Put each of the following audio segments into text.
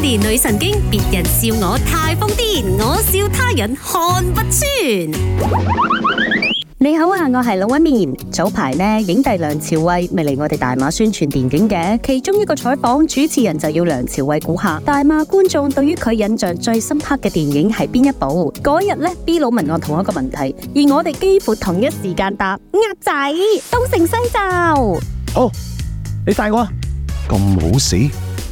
年女神經，別人笑我太瘋癲，我笑他人看不穿。你好啊，我係龍紋敏。早排咧，影帝梁朝偉未嚟我哋大馬宣傳電影嘅，其中一個採訪主持人就要梁朝偉估下大馬觀眾對於佢印象最深刻嘅電影係邊一部。嗰日咧，B 佬問我同一個問題，而我哋幾乎同一時間答鴨仔東成西就。好，你大我，咁好事。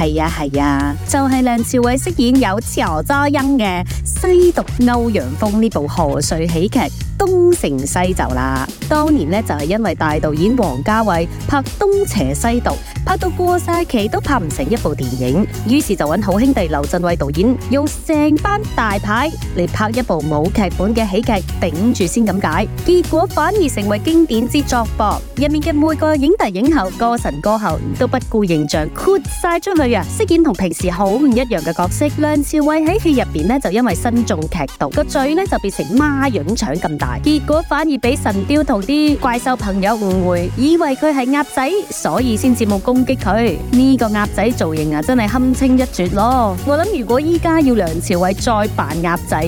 係啊係啊，就係、是、梁朝偉飾演有潮州音嘅西毒歐陽鋒呢部賀歲喜劇《東成西就》啦。當年咧就係、是、因為大導演王家衛拍東邪西毒拍到過晒期都拍唔成一部電影，於是就揾好兄弟劉鎮偉導演，用成班大牌嚟拍一部冇劇本嘅喜劇，頂住先咁解。結果反而成為經典之作噃。入面嘅每個影帝影後、歌神歌后都不顧形象豁晒出去。啊！飾演同平時好唔一樣嘅角色，梁朝偉喺戲入邊呢就因為身中劇毒，個嘴呢就變成孖潤腸咁大，結果反而俾神鵰同啲怪獸朋友誤會，以為佢係鴨仔，所以先至冇攻擊佢。呢個鴨仔造型啊，真係堪稱一絕咯！我諗如果依家要梁朝偉再扮鴨仔，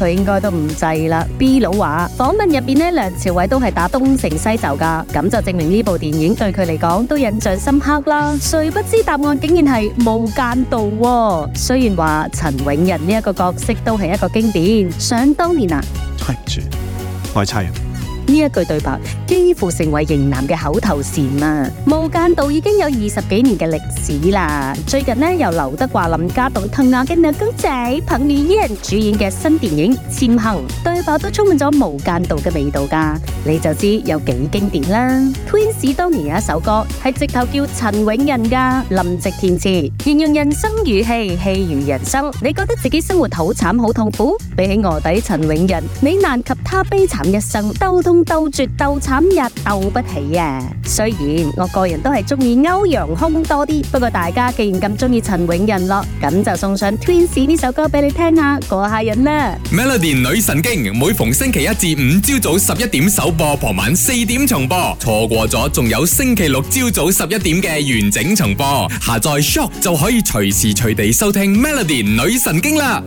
佢應該都唔制啦。B 佬話訪問入邊呢，梁朝偉都係打東成西就㗎，咁就證明呢部電影對佢嚟講都印象深刻啦。誰不知答案？竟然係無間道，啊，雖然話陳永仁呢一個角色都係一個經典，想當年啊，對唔住，我係差人。呢一句對白幾乎成為型男嘅口頭禪啊！無間道已經有二十幾年嘅歷史啦，最近呢由劉德華、林家棟、騰雅嘅女公仔彭于晏主演嘅新電影《潛行》，對白都充滿咗無間道嘅味道噶，你就知有幾經典啦！Twins 當年有一首歌係直頭叫陳永仁噶，林夕填詞，形容人生如戲，戲如人生。你覺得自己生活好慘好痛苦？比起卧底陳永仁，你難及他悲慘一生，兜兜。鬥絕鬥慘也鬥不起啊！雖然我個人都係中意歐陽鋒多啲，不過大家既然咁中意陳永仁咯，咁就送上 Twins 呢首歌俾你聽下，過下癮啦。Melody 女神經每逢星期一至五朝早十一點首播，傍晚四點重播，錯過咗仲有星期六朝早十一點嘅完整重播。下載 Shock 就可以隨時隨地收聽 Melody 女神經啦。